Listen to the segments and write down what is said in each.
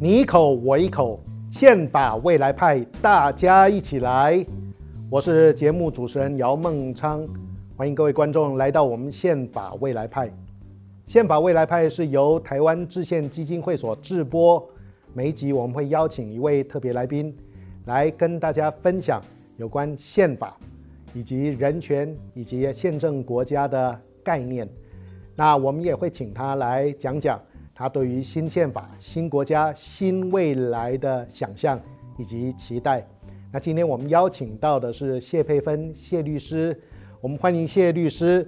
你一口我一口，憲法未來派，大家一起來。我是節目主持人姚孟昌，歡迎各位觀眾來到我們憲法未來派。憲法未來派是由台灣制憲基金會所制播，每一集我們會邀請一位特別來賓，來跟大家分享有關憲法以及人權以及憲政國家的概念。那我們也會請他來講講。他對於新憲法、新國家、新未來的想象以及期待。那今天我們邀請到的是謝佩芬，謝律師，我們歡迎謝律師。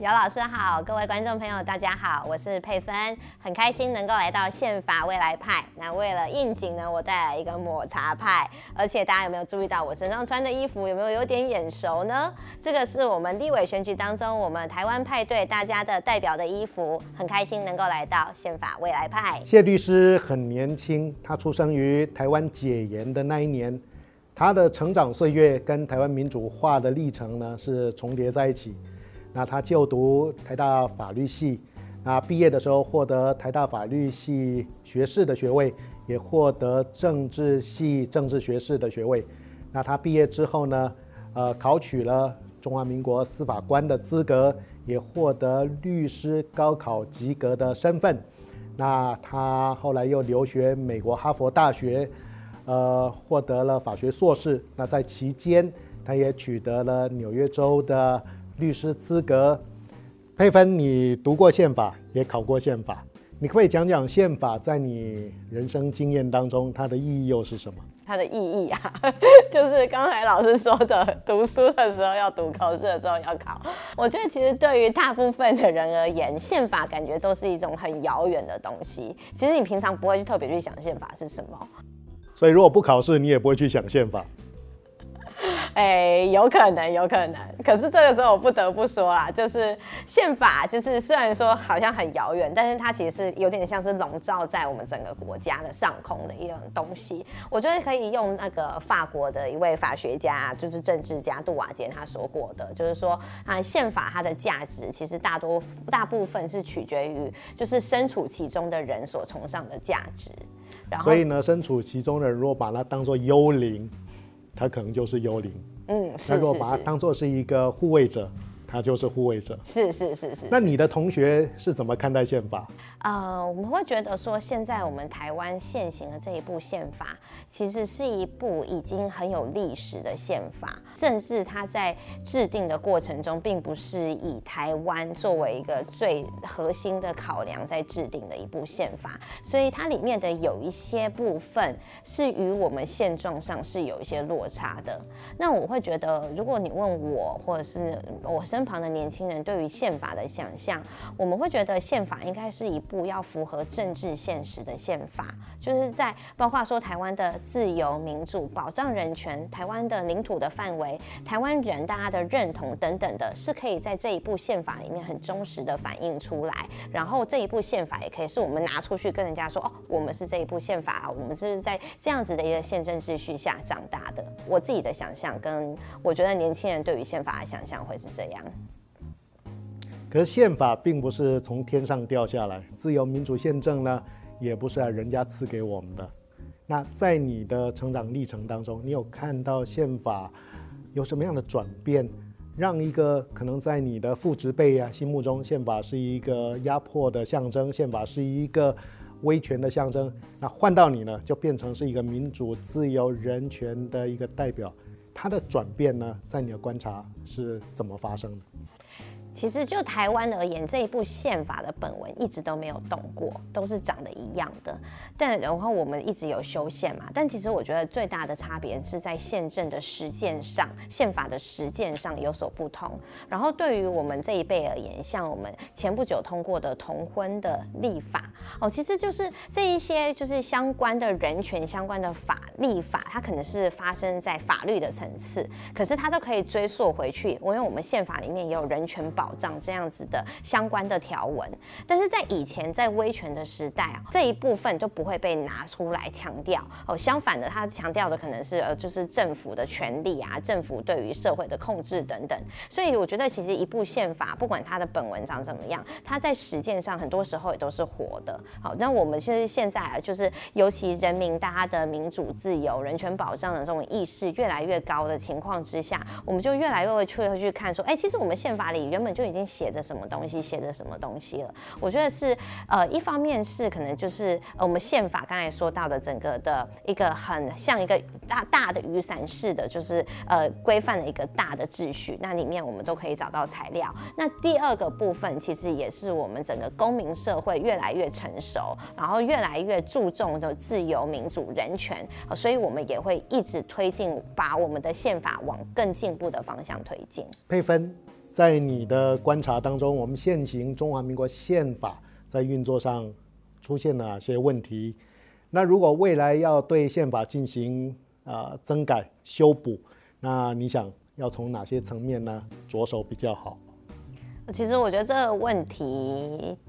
姚老師好，各位觀眾朋友，大家好，我是佩芬，很開心能夠來到憲法未來派。那為了應景呢，我帶來一個抹茶派，而且大家有沒有注意到我身上穿的衣服有沒有有點眼熟呢？這個是我們立委選舉當中我們台灣派對大家的代表的衣服，很開心能夠來到憲法未來派。謝律師很年輕，他出生於台灣解嚴的那一年，他的成長歲月跟台灣民主化的歷程呢是重疊在一起。那他就讀台大法律系，那畢業的時候獲得台大法律系學士的學位，也獲得政治系政治學士的學位。那他畢業之後呢，呃，考取了中華民國司法官的資格，也獲得律師高考及格的身份。那他後來又留學美國哈佛大學，呃，獲得了法學碩士。那在期間，他也取得了紐約州的。律師資格，佩芬，你讀過憲法，也考過憲法，你可不可以講講憲法在你人生經驗當中它的意義又是什麼？它的意義啊，就是剛才老師說的，讀書的時候要讀，考試的時候要考。我覺得其實對於大部分的人而言，憲法感覺都是一種很遙遠的東西。其實你平常不會去特別去想憲法是什麼，所以如果不考試，你也不會去想憲法。哎，有可能，有可能。可是這個時候我不得不說啦，就是憲法，就是雖然說好像很遙遠，但是它其實有點像是籠罩在我們整個國家的上空的一樣東西。我覺得可以用那個法國的一位法學家，就是政治家杜瓦杰他說過的，就是說啊，憲法它的價值其實大多大部分是取決於，就是身處其中的人所崇尚的價值。然後所以呢，身處其中的人如果把它當作幽靈，它可能就是幽靈。嗯，是是是，如果把它當做是一個護衛者。他就是護衛者，是是是是。是是是，那你的同學是怎麼看待憲法？呃，我們會覺得說，現在我們台灣現行的這一部憲法，其實是一部已經很有歷史的憲法，甚至它在制定的過程中，並不是以台灣作為一個最核心的考量在制定的一部憲法，所以它裡面的有一些部分是與我們現狀上是有一些落差的。那我會覺得，如果你問我，或者是我是。身旁的年輕人對於憲法的想象，我們會覺得憲法應該是一部要符合政治現實的憲法，就是在包括說台灣的自由民主、保障人權、台灣的領土的範圍、台灣人大家的認同等等的，是可以在這一部憲法裡面很忠實的反映出來。然後這一部憲法也可以是我們拿出去跟人家說，哦，我們是這一部憲法啊，我們就是在這樣子的一個憲政秩序下長大的。我自己的想象跟我覺得年輕人對於憲法的想象會是這樣。可是憲法並不是從天上掉下來，自由民主憲政呢，也不是人家賜給我們的。那在你的成長歷程當中，你有看到憲法有什麼樣的轉變，讓一個可能在你的父執輩啊心目中，憲法是一個壓迫的象徵，憲法是一個威權的象徵？那換到你呢，就變成是一個民主、自由、人權的一個代表。它的轉變呢，在你的觀察是怎麼發生的？其實就台灣而言，這一部憲法的本文一直都沒有動過，都是長得一樣的。但然後我們一直有修憲嘛，但其實我覺得最大的差別是在憲政的實踐上，憲法的實踐上有所不同。然後對於我們這一輩而言，像我們前不久通過的同婚的立法，哦，其實就是這一些就是相關的人權相關的法立法，它可能是發生在法律的層次，可是它都可以追溯回去，我因為我們憲法裡面也有人權保。保障這樣子的相關的條文，但是在以前在威權的時代啊，這一部分就不會被拿出來強調哦。相反的，它強調的可能是呃，就是政府的權利啊，政府對於社會的控制等等。所以我覺得，其實一部憲法不管它的本文長怎麼樣，它在實踐上很多時候也都是活的。好、哦，那我們現在現在啊，就是尤其人民大家的民主自由、人權保障的這種意識越來越高的情況之下，我們就越來越會出會去看說，哎、欸，其實我們憲法裡原本就已經寫着什麼東西，寫着什麼東西了。我覺得是，呃，一方面是可能就是、呃、我們憲法剛才說到的整個的一個很像一個大大的雨傘式的就是呃規範的一個大的秩序，那裡面我們都可以找到材料。那第二個部分其實也是我們整個公民社會越來越成熟，然後越來越注重的自由、民主、人權，呃、所以我們也會一直推進，把我們的憲法往更進步的方向推進。佩芬，在你的觀察當中，我們現行中華民國憲法在運作上出現了哪些問題？那如果未來要對憲法進行啊、呃、增改修補，那你想要從哪些層面呢着手比較好？其實我覺得這個問題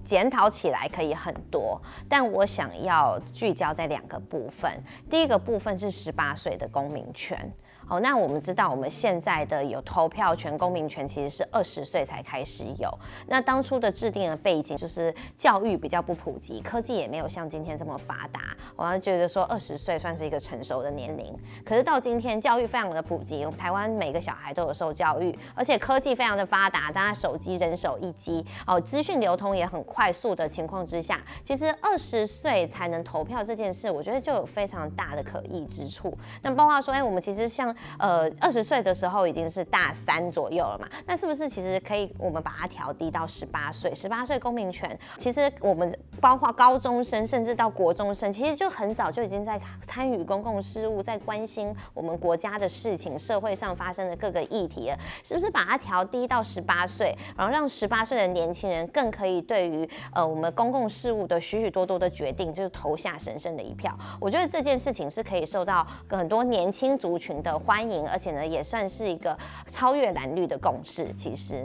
檢討起來可以很多，但我想要聚焦在兩個部分。第一個部分是十八歲的公民權。哦，那我們知道，我們現在的有投票權、公民權其實是二十歲才開始有。那當初的制定的背景就是教育比較不普及，科技也沒有像今天這麼發達。我們覺得說二十歲算是一個成熟的年齡。可是到今天，教育非常的普及，我們台灣每個小孩都有受教育，而且科技非常的發達，大家手機人手一機，哦，資訊流通也很快速的情況之下，其實二十歲才能投票這件事，我覺得就有非常大的可疑之處。那包括說，哎，我們其實像。呃，二十歲的時候已經是大三左右了嘛？那是不是其實可以我們把它調低到十八歲？十八歲公民權，其實我們包括高中生，甚至到國中生，其實就很早就已經在參與公共事務，在關心我們國家的事情、社會上發生的各個議題了。是不是把它調低到十八歲，然後讓十八歲的年輕人更可以對於呃我們公共事務的許許多多的決定，就是投下神聖的一票？我覺得這件事情是可以受到很多年輕族群的。歡迎，而且呢，也算是一個超越藍綠的共識。其實，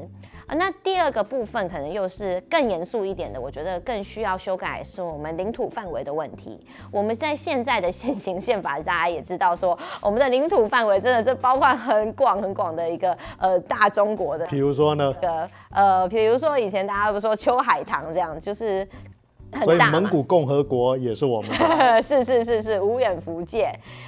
啊，那第二個部分可能又是更嚴肅一點的，我覺得更需要修改是我們領土範圍的問題。我們在現在的現行憲法，大家也知道說，說我們的領土範圍真的是包括很廣很廣的一個呃大中國的、那個，比如說呢，呃呃，比如說以前大家不說秋海棠這樣，就是。所以蒙古共和國也是我們的， 是是是是，無遠弗屆。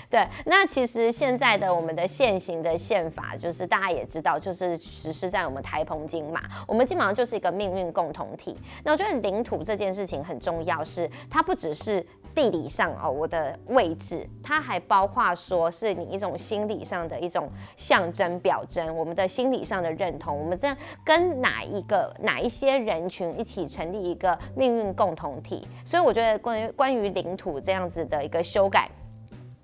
對，那其實現在的我們的現行的憲法，就是大家也知道，就是實施在我們台澎金馬。我們基本上就是一個命運共同體。那我覺得領土這件事情很重要是，是它不只是地理上哦我的位置，它還包括說是你一種心理上的一種象徵表徵，我們的心理上的認同，我們這樣跟哪一個哪一些人群一起成立一個命運共同體。所以，我覺得關於關於領土這樣子的一個修改，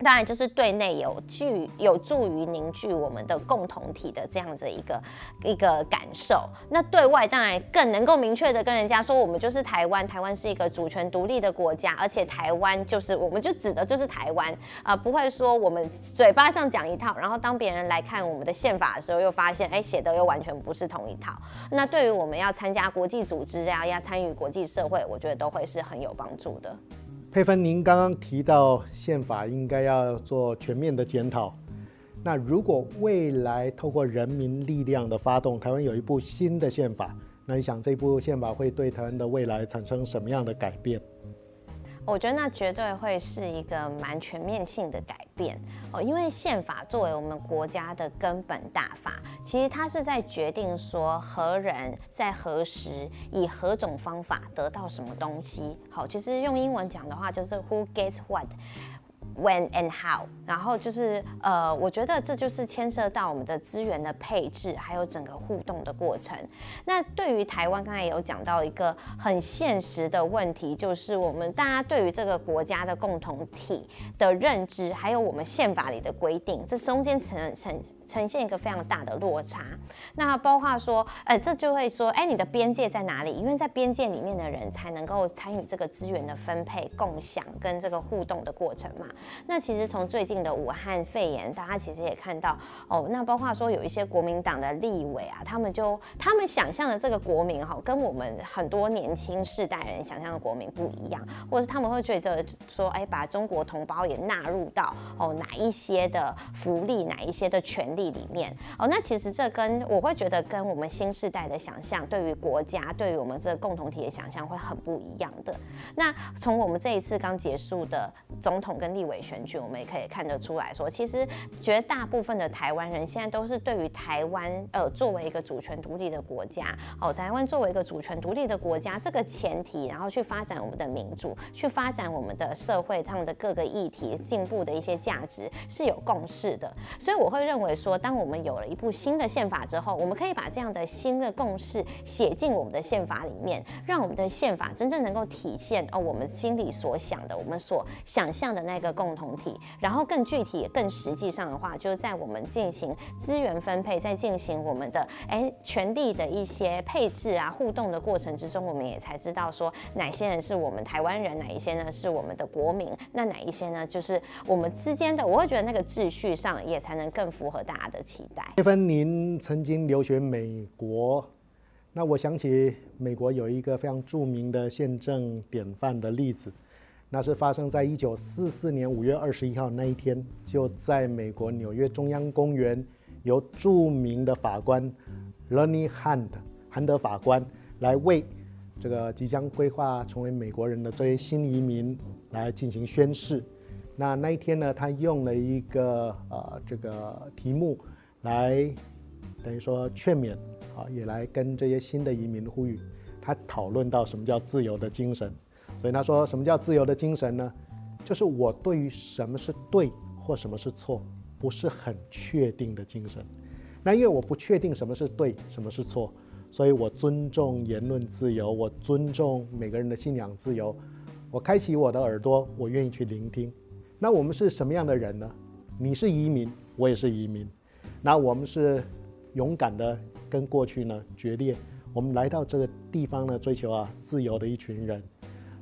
當然，就是對內有具有助於凝聚我們的共同體的這樣子一個一個感受。那對外當然更能夠明確的跟人家說，我們就是台灣，台灣是一個主權獨立的國家，而且台灣就是我們就指的就是台灣啊，呃，不會說我們嘴巴上講一套，然後當別人來看我們的憲法的時候，又發現，哎，欸，寫的又完全不是同一套。那對於我們要參加國際組織啊，要參與國際社會，我覺得都會是很有幫助的。佩芬，您剛剛提到憲法應該要做全面的檢討。那如果未來透過人民力量的發動，台灣有一部新的憲法，那你想這部憲法會對台灣的未來產生什麼樣的改變？我覺得那絕對會是一個蠻全面性的改變哦，因為憲法作為我們國家的根本大法，其實它是在決定說何人在何時以何種方法得到什麼東西。好，哦，其實用英文講的話就是 Who gets what。When and how，然後就是呃，我覺得這就是牽涉到我們的資源的配置，還有整個互動的過程。那對於台灣，剛才有講到一個很現實的問題，就是我們大家對於這個國家的共同體的認知，還有我們憲法裡的規定，這中間呈呈呈現一個非常大的落差。那包括說，呃，這就會說，哎，你的邊界在哪裡？因為在邊界裡面的人才能夠參與這個資源的分配、共享跟這個互動的過程嘛。那其實從最近的武漢肺炎，大家其實也看到哦，那包括說有一些國民黨的立委啊，他們就他們想象的這個國民哈、哦，跟我們很多年輕世代人想象的國民不一樣，或者是他們會覺得說，哎，把中國同胞也納入到哦哪一些的福利、哪一些的權利裡面哦。那其實這跟我會覺得跟我們新世代的想象，對於國家、對於我們這個共同體的想象會很不一樣的。那從我們這一次剛結束的總統跟立委選舉，我們也可以看得出來說，其實絕大部分的台灣人現在都是對於台灣呃作為一個主權獨立的國家哦、喔，台灣作為一個主權獨立的國家這個前提，然後去發展我們的民主，去發展我們的社會，他們的各個議題進步的一些價值是有共識的。所以我會認為說，當我們有了一部新的憲法之後，我們可以把這樣的新的共識寫進我們的憲法裡面，讓我們的憲法真正能夠體現哦、喔、我們心裡所想的，我們所想象的那個共識。共同體，然後更具體、更實際上的話，就是在我們進行資源分配、在進行我們的誒權力的一些配置啊、互動的過程之中，我們也才知道說哪些人是我們台灣人，哪一些呢是我們的國民，那哪一些呢就是我們之間的。我會覺得那個秩序上也才能更符合大家的期待。佩芬，您曾經留學美國，那我想起美國有一個非常著名的憲政典範的例子。那是發生在一九四四年五月二十一號那一天，就在美國紐約中央公園，由著名的法官 Learned Hand 韓德法官來為這個即將規劃成為美國人的這些新移民來進行宣誓。那那一天呢，他用了一個呃這個題目來，等於說勸勉啊，也來跟這些新的移民呼籲，他討論到什麼叫自由的精神。所以他說：“什麼叫自由的精神呢？就是我對於什麼是對或什麼是錯，不是很確定的精神。那因為我不確定什麼是對，什麼是錯，所以我尊重言論自由，我尊重每個人的信仰自由，我開啟我的耳朵，我願意去聆聽。那我們是什麼樣的人呢？你是移民，我也是移民。那我們是勇敢的跟過去呢決裂，我們來到這個地方呢，追求啊自由的一群人。”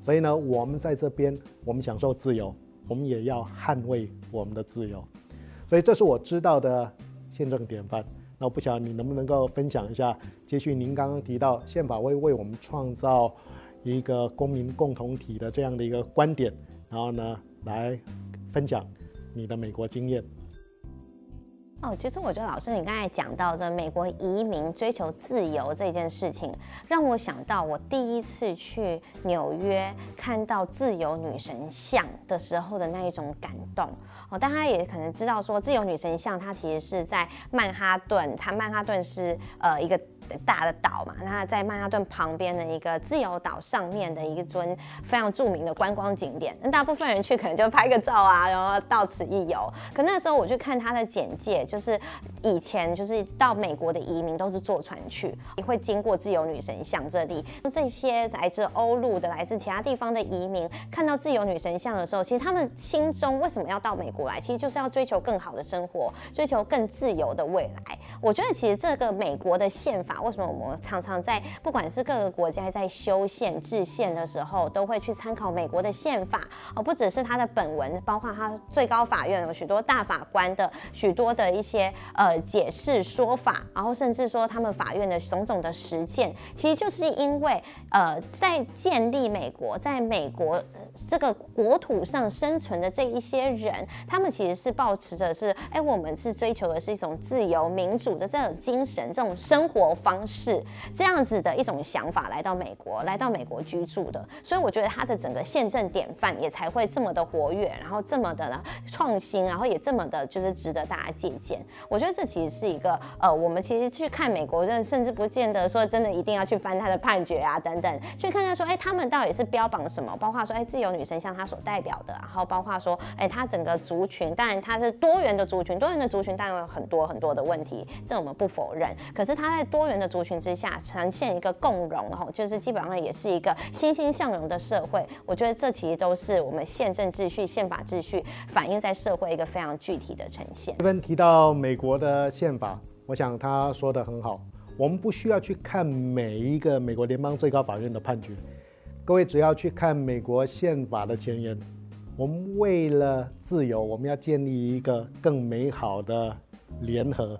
所以呢，我們在這邊，我們享受自由，我們也要捍衛我們的自由。所以這是我知道的憲政典範。那我不曉得你能不能夠分享一下，接續您剛剛提到，憲法會為我們創造一個公民共同體的這樣的一個觀點，然後呢，來分享你的美國經驗。哦，其實我覺得，老師，你剛才講到這美國移民追求自由這件事情，讓我想到我第一次去紐約看到自由女神像的時候的那一種感動。哦，大家也可能知道，說自由女神像它其實是在曼哈頓，它曼哈頓是呃一個。大的島嘛，那在曼哈頓旁邊的一個自由島上面的一尊非常著名的觀光景點。那大部分人去可能就拍個照啊，然後到此一遊。可那時候我就看它的簡介，就是以前就是到美國的移民都是坐船去，會經過自由女神像這裡。那這些來自歐陸的、來自其他地方的移民，看到自由女神像的時候，其實他們心中為什麼要到美國來？其實就是要追求更好的生活，追求更自由的未來。我覺得其實這個美國的憲法。為什麼我們常常在不管是各個國家在修憲制憲的時候，都會去參考美國的憲法？而不只是它的本文，包括它最高法院有許多大法官的許多的一些呃解釋說法，然後甚至說他們法院的種種的實踐，其實就是因為呃在建立美國，在美國這個國土上生存的這一些人，他們其實是抱持著是哎我們是追求的是一種自由民主的這種精神，這種生活方式這樣子的一種想法來到美國，來到美國居住的，所以我覺得他的整個憲政典範也才會這麼的活躍，然後這麼的呢創新，然後也這麼的就是值得大家借鑑。我覺得這其實是一個呃，我們其實去看美國，甚至不見得說真的一定要去翻他的判決啊等等，去看看說哎他們到底是標榜什麼，包括說哎自由女神像她所代表的，然後包括說哎她整個族群，當然她是多元的族群，多元的族群當然有很多很多的問題，這我們不否認。可是他在多元的族群的族群之下呈現一個共榮就是基本上也是一個欣欣向榮的社會。我覺得這其實都是我們憲政秩序、憲法秩序反映在社會一個非常具體的呈現。這邊提到美國的憲法，我想他說得很好。我們不需要去看每一個美國聯邦最高法院的判決，各位只要去看美國憲法的前言。我們為了自由，我們要建立一個更美好的聯合，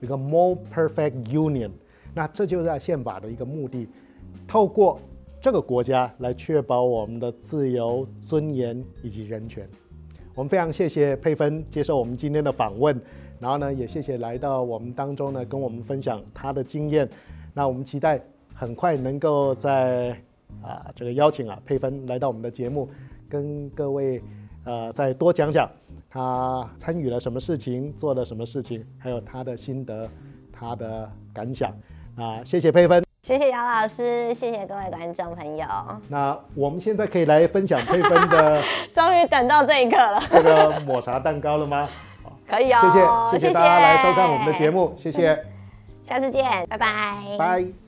一個 More Perfect Union。那這就是在憲法的一個目的，透過這個國家來確保我們的自由、尊嚴以及人權。我們非常謝謝佩芬接受我們今天的訪問，然後呢，也謝謝來到我們當中呢，跟我們分享他的經驗。那我們期待很快能夠再啊，這個邀請啊，佩芬來到我們的節目，跟各位呃再多講講他參與了什麼事情，做了什麼事情，還有他的心得、他的感想。啊，謝謝佩芬，謝謝姚老師，謝謝各位觀眾朋友。那我們現在可以來分享佩芬的， 終於等到這一刻了， 這個抹茶蛋糕了嗎？可以哦，謝謝謝謝，謝謝大家來收看我們的節目，謝謝，嗯，下次見，拜拜，拜。